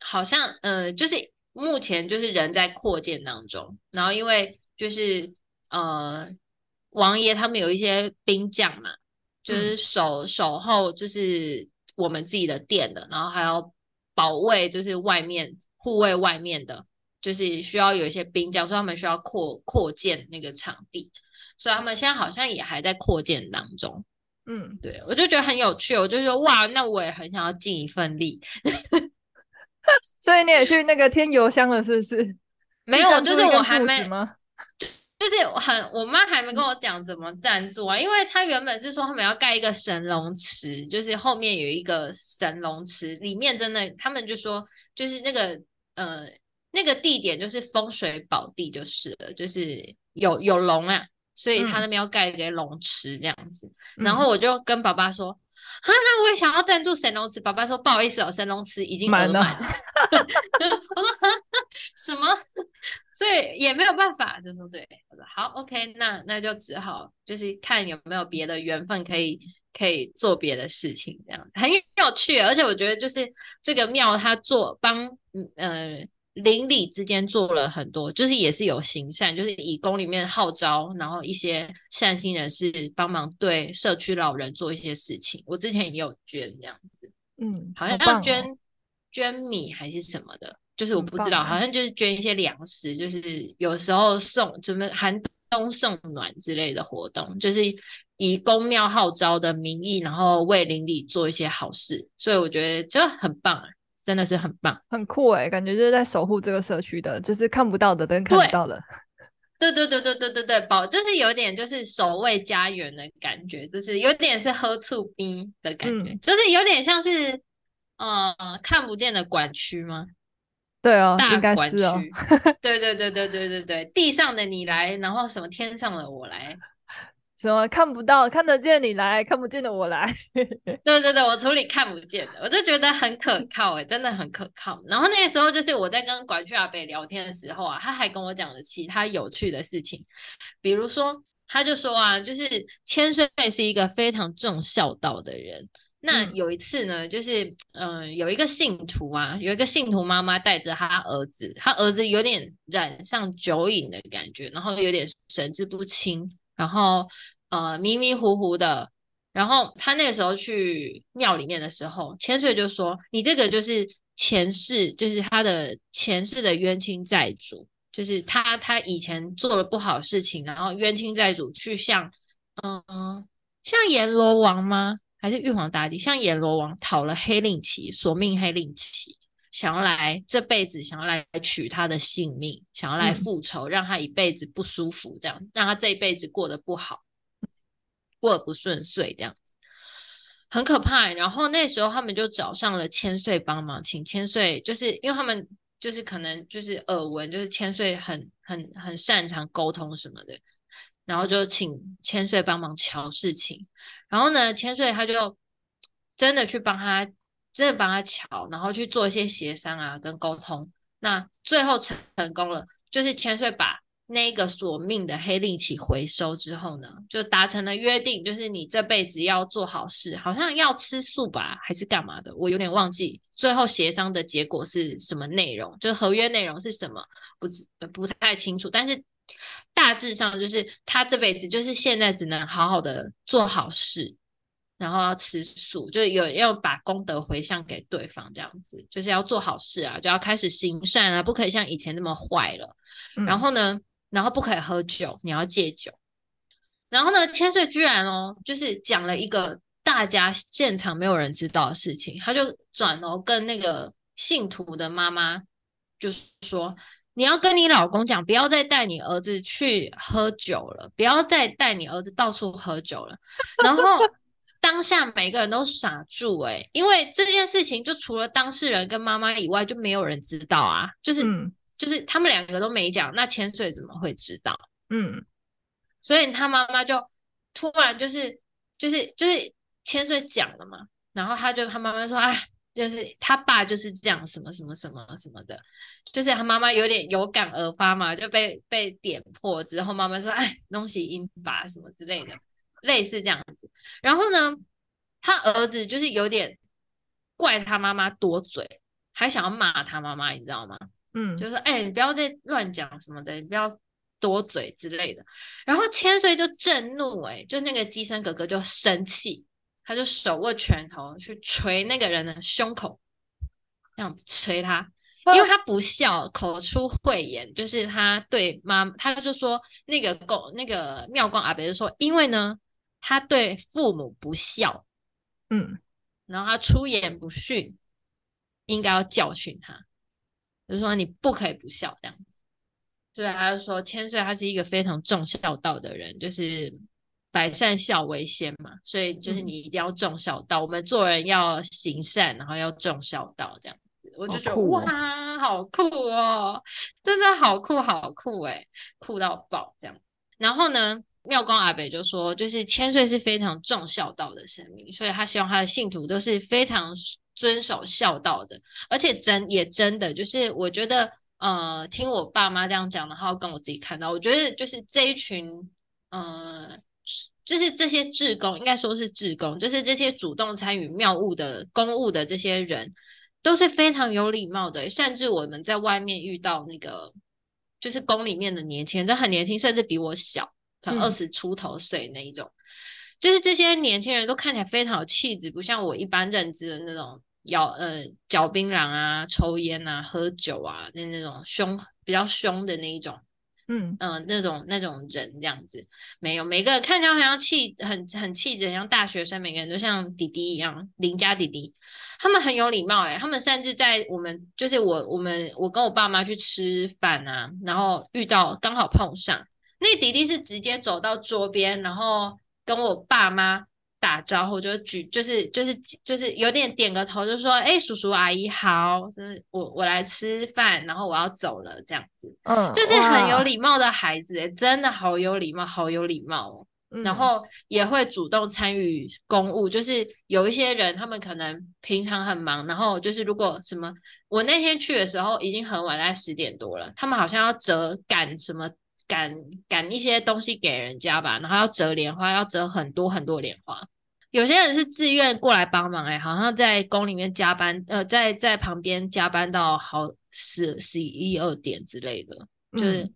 好像呃，就是。目前就是人在擴建當中，然後因為就是呃王爺他們有一些兵將嘛，就是守、嗯、守候就是我們自己的店的，然後還要保衛就是外面護衛外面的，就是需要有一些兵將，所以他們需要擴擴建那個場地，所以他們現在好像也還在擴建當中。嗯，對，我就覺得很有趣，我就說哇，那我也很想要盡一份力。 *laughs* *laughs* 所以你也去那個添油香了，是不是？沒有，就是我還沒，就是很，我媽還沒跟我講怎麼贊助啊。因為她原本是說他們要蓋一個神龍池，就是後面有一個神龍池，裡面真的，他們就說就是那個呃那個地點就是風水寶地，就是了，就是有有龍啊，所以他那邊要蓋一個龍池這樣子。嗯、然後我就跟爸爸說。啊，那我也想要贊助神龍池，爸爸說不好意思哦，神龍池已經滿了。 *laughs* 我說什麼？所以也沒有辦法，就說對，我說好，OK，那那就只好就是看有沒有別的緣分可以可以做別的事情，這樣很有趣，而且我覺得就是這個廟它做幫嗯呃。鄰里之間做了很多，就是也是有行善，就是以宮裡面號召，然後一些善心人士幫忙對社區老人做一些事情。我之前也有捐這樣子，嗯，好棒哦，好像要捐，捐米還是什麼的，就是我不知道，很棒哦，好像就是捐一些糧食，就是有時候送，怎麼寒冬送暖之類的活動，就是以宮廟號召的名義，然後為鄰里做一些好事，所以我覺得就很棒。真的是很棒，很酷哎，感覺就是在守護這個社區的，就是看不到的，但看不到的。對對對對對對對，保就是有點就是守衛家園的感覺，就是有點是喝醋冰的感覺，就是有點像是嗯看不見的管區嗎？對哦，應該是哦。對對對對對對對，地上的你來，然後什麼天上的我來。什麼看不到？看得見你來，看不見的我來。 *laughs* 對對對，我從你看不見的，我就覺得很可靠、欸、真的很可靠。然後那時候就是我在跟管區阿北聊天的時候啊，他還跟我講了其他有趣的事情，比如說他就說啊，就是千歲是一個非常重孝道的人。那有一次呢，嗯、就是嗯、呃，有一個信徒啊，有一個信徒媽媽帶着他兒子，他兒子有點染上酒癮的感覺，然後有點神志不清。然後，呃，迷迷糊糊的。然後他那個時候去廟裡面的時候，千歲就說：“你這個就是前世，就是他的前世的冤親債主，就是他他以前做了不好事情，然後冤親債主去向，嗯、呃，向閻羅王嗎？還是玉皇大帝？向閻羅王討了黑令旗，索命黑令旗。”想要來這輩子想要來取他的性命，想要來復仇，嗯、讓他一輩子不舒服，這樣讓他這一輩子過得不好，過得不順遂，這樣子很可怕、欸。然後那時候他們就找上了千歲幫忙，請千歲，就是因為他們就是可能就是耳聞，就是千歲很很很擅長溝通什麼的，然後就請千歲幫忙喬事情。然後呢，千歲他就真的去幫他。真的幫他瞧，然後去做一些協商啊，跟溝通。那最後成成功了，就是千歲把那個索命的黑令旗回收之後呢，就達成了約定，就是你這輩子要做好事，好像要吃素吧，還是幹嘛的？我有點忘記最後協商的結果是什麼內容，就合約內容是什麼，不不太清楚。但是大致上就是他這輩子就是現在只能好好的做好事。然後要吃素，就有要把功德回向給對方，這樣子就是要做好事啊，就要開始行善啊，不可以像以前那麼壞了。嗯、然後呢，然後不可以喝酒，你要戒酒。然後呢，千歲居然哦，就是講了一個大家現場沒有人知道的事情，他就轉頭、哦、跟那個信徒的媽媽就說：“你要跟你老公講，不要再帶你兒子去喝酒了，不要再帶你兒子到處喝酒了。” *laughs* 然後。當下每個人都傻住哎、欸，因為這件事情就除了當事人跟媽媽以外，就沒有人知道啊。就是、嗯、就是他們兩個都沒講，那千歲怎麼會知道？嗯，所以他媽媽就突然就是就是就是千歲講了嘛，然後他就他媽媽說哎，就是他爸就是這樣什麼什麼什麼什麼的，就是他媽媽有點有感而發嘛，就被被點破之後，媽媽說哎，東西應把什麼之類的。類似這樣子，然後呢，他兒子就是有點怪他媽媽多嘴，還想要罵他媽媽，你知道嗎？嗯，就說哎、欸，你不要再亂講什麼的，你不要多嘴之類的。然後千歲就震怒、欸，哎，就那個機深哥哥就生氣，他就手握拳頭去捶那個人的胸口，這樣捶他，因為他不孝， *laughs* 口出穢言，就是他對媽，他就說那個狗，那個妙光阿伯就說，因為呢。他對父母不孝，嗯，然後他出言不遜，應該要教訓他，就是說你不可以不孝這樣子，所以他就說千歲他是一個非常重孝道的人，就是百善孝為先嘛，所以就是你一定要重孝道，嗯、我們做人要行善，然後要重孝道這樣子。我就覺得、哦、哇，好酷哦，真的好酷好酷哎、欸，酷到爆這樣。然後呢，妙公阿北就說：“就是千歲是非常重孝道的神明，所以他希望他的信徒都是非常遵守孝道的。而且真也真的，就是我覺得，呃，聽我爸媽這樣講，然後跟我自己看到，我覺得就是這一群，呃，就是這些志工，應該說是志工，就是這些主動參與廟務的公務的這些人，都是非常有禮貌的。甚至我們在外面遇到那個，就是宮裡面的年輕人，都很年輕，甚至比我小。”可能二十出頭歲那一種，嗯、就是這些年輕人都看起來非常有氣質，不像我一般認知的那種咬呃嚼檳榔啊、抽煙啊、喝酒啊，那那種凶比較凶的那一種，嗯嗯、呃、那種那種人這樣子，沒有每個人看起來好像氣很很氣質，很像大學生，每個人都像弟弟一樣鄰家弟弟，他們很有禮貌誒、欸，他們甚至在我們就是我我們我跟我爸媽去吃飯啊，然後遇到剛好碰上。那弟弟是直接走到桌邊，然後跟我爸媽打招呼，就舉就是就是就是有點點個頭，就說：“哎、欸，叔叔阿姨好，就是我我來吃飯，然後我要走了這樣子。”嗯，就是很有禮貌的孩子、欸，哇真的好有禮貌，好有禮貌哦。嗯、然後也會主動參與公務，就是有一些人他們可能平常很忙，然後就是如果什麼，我那天去的時候已經很晚，在十點多了，他們好像要折趕什麼。趕趕一些東西給人家吧，然後要折蓮花，要折很多很多蓮花。有些人是自願過來幫忙，哎、欸，好像在宮裡面加班，呃，在在旁邊加班到好十十一、十二點之類的，嗯、就是。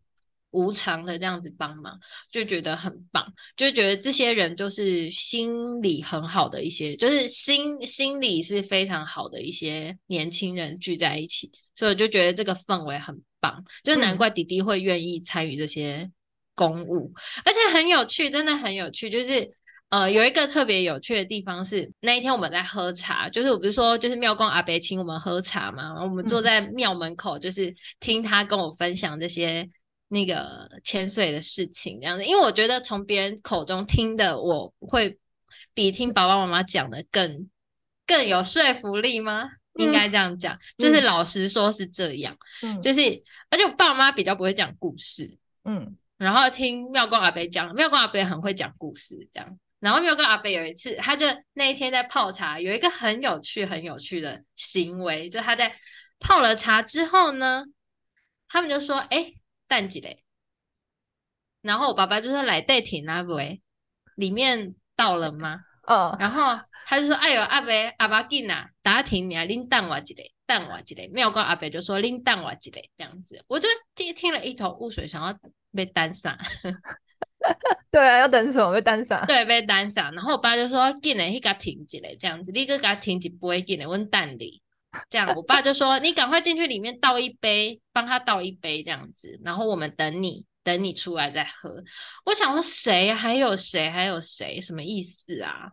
無償的這樣子幫忙，就覺得很棒，就覺得這些人就是心理很好的一些，就是心心理是非常好的一些年輕人聚在一起，所以我就覺得這個氛圍很棒，就難怪弟弟會願意參與這些公務，嗯、而且很有趣，真的很有趣。就是呃，有一個特別有趣的地方是那一天我們在喝茶，就是我不是說就是廟公阿伯請我們喝茶嘛，我們坐在廟門口，就是聽他跟我分享這些。那個千歲的事情，這樣子，因為我覺得從別人口中聽的，我會比聽爸爸媽媽講的更更有說服力嗎？嗯、應該這樣講，就是老實說是這樣，嗯、就是而且我爸媽比較不會講故事，嗯，然後聽廟公阿伯講，廟公阿伯也很會講故事，這樣，然後廟公阿伯有一次，他就那一天在泡茶，有一個很有趣、很有趣的行為，就他在泡了茶之後呢，他們就說，哎、欸。等一嘞？然後我爸爸就說來大廳阿伯， *noise* 裡面到了嗎？哦，oh. 然後他就說，哎呦阿伯阿爸進吶，大停你阿拎等我一嘞，等我一嘞，沒有。阿伯就說拎等我一嘞，這樣子，我就聽聽了一頭霧水，想要被等啥。 *laughs* *laughs* 對啊，要等什麼被等啥？ *laughs* 對，被等啥。然後我爸，爸就說進來去給他停一嘞，這樣子，你給他停一波不會進來問等你。這樣，我爸就說：“你趕快進去裡面倒一杯，幫他倒一杯這樣子，然後我們等你，等你出來再喝。”我想說誰，誰還有誰還有誰什麼意思啊？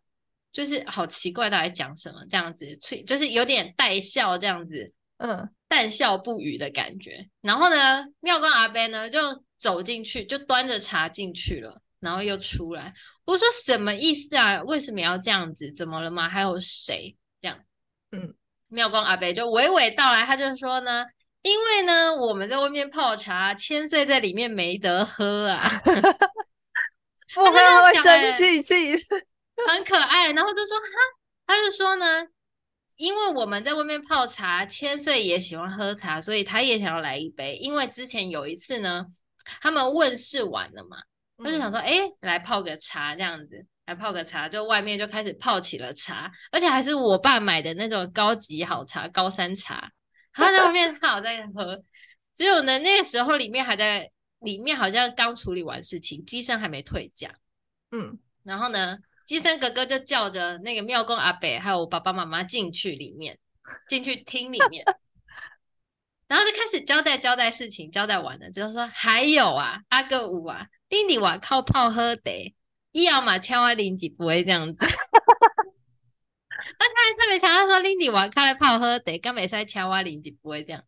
就是好奇怪到底講什麼這樣子，就是有點帶笑這樣子，嗯，但笑不語的感覺。然後呢，妙跟阿伯呢就走進去，就端着茶進去了，然後又出來。我說什麼意思啊？為什麼要這樣子？怎麼了嗎？還有誰這樣？嗯。妙光阿伯就娓娓道來，他就說呢，因為呢我們在外面泡茶，千歲在裡面沒得喝啊， *laughs* 他是這樣講的，欸， *laughs* 很可愛。然後就說哈，他就說呢，因為我們在外面泡茶，千歲也喜歡喝茶，所以他也想要來一杯。因為之前有一次呢，他們問事完了嘛，他就想說，哎，嗯欸，來泡個茶這樣子。泡個茶，就外面就開始泡起了茶，而且還是我爸買的那種高級好茶，高山茶。在他在外面泡在喝，只有呢那個時候裡面還在裡面，好像剛處理完事情，乩身還沒退駕。嗯，然後呢，乩身哥哥就叫着那個廟公阿北，還有我爸爸媽媽進去裡面，進去廳裡面，然後就開始交代交代事情，交代完了就說還有啊，阿哥五啊，弟弟娃靠泡喝得。要嘛青蛙林子不會這樣子， *laughs* 而且他還特別想要說林子我開來泡喝的，根本不會這樣，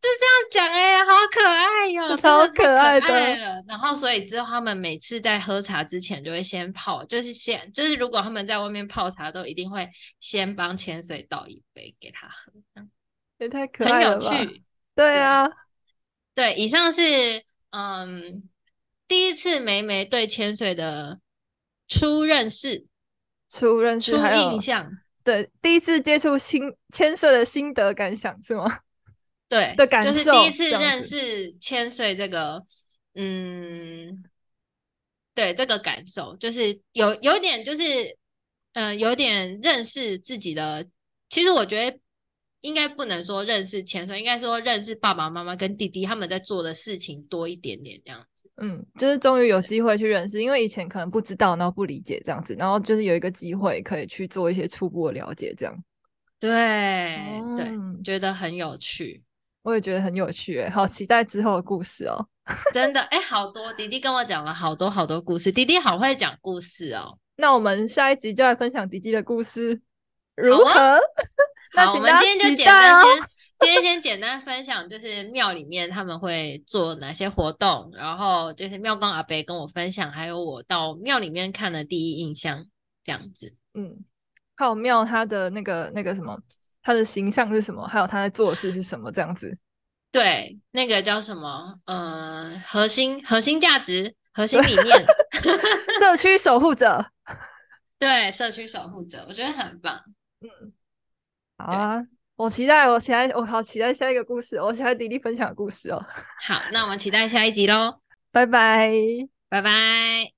就這樣講，欸、好可愛喲、喔，超可愛，可愛了。然後所以之後他們每次在喝茶之前，就會先泡，就是先，就是如果他們在外面泡茶，都一定會先幫千歲倒一杯給他喝。這也太可愛了，對啊對，對，以上是嗯。第一次梅梅對千歲的初認識，初認識，初認識，初印象，對第一次接觸新千歲的心得感想是嗎？對的感受，就是第一次認識千歲這個，這嗯，對這個感受，就是有有點，就是嗯、呃，有點認識自己的。其實我覺得。應該不能說認識前說，應該說認識爸爸媽媽跟弟弟他們在做的事情多一點點這樣子。嗯，就是終於有機會去認識，對因為以前可能不知道，然後不理解這樣子，然後就是有一個機會可以去做一些初步的了解這樣。對、哦、對，覺得很有趣，我也覺得很有趣，哎，好期待之後的故事哦、喔。 *laughs* 真的，哎、欸，好多弟弟跟我講了好多好多故事，弟弟好會講故事哦、喔。那我們下一集就來分享弟弟的故事，如何？那我們今天就簡單先、哦、 *laughs* 今天先簡單分享，就是廟裡面他們會做哪些活動然後就是廟公阿伯跟我分享，還有我到廟裡面看的第一印象這樣子。嗯，還有廟他的那個那個什麼，他的形象是什麼？還有他在做事是什麼？這樣子。對，那個叫什麼？嗯、呃，核心核心價值、核心理念， *laughs* *laughs* 社區守護者。對，社區守護者，我覺得很棒。嗯。好啊，對我期待，我期待，我好期待下一個故事，哦，我想要弟弟分享的故事哦。好，那我們期待下一集嘍，拜拜 bye，拜拜。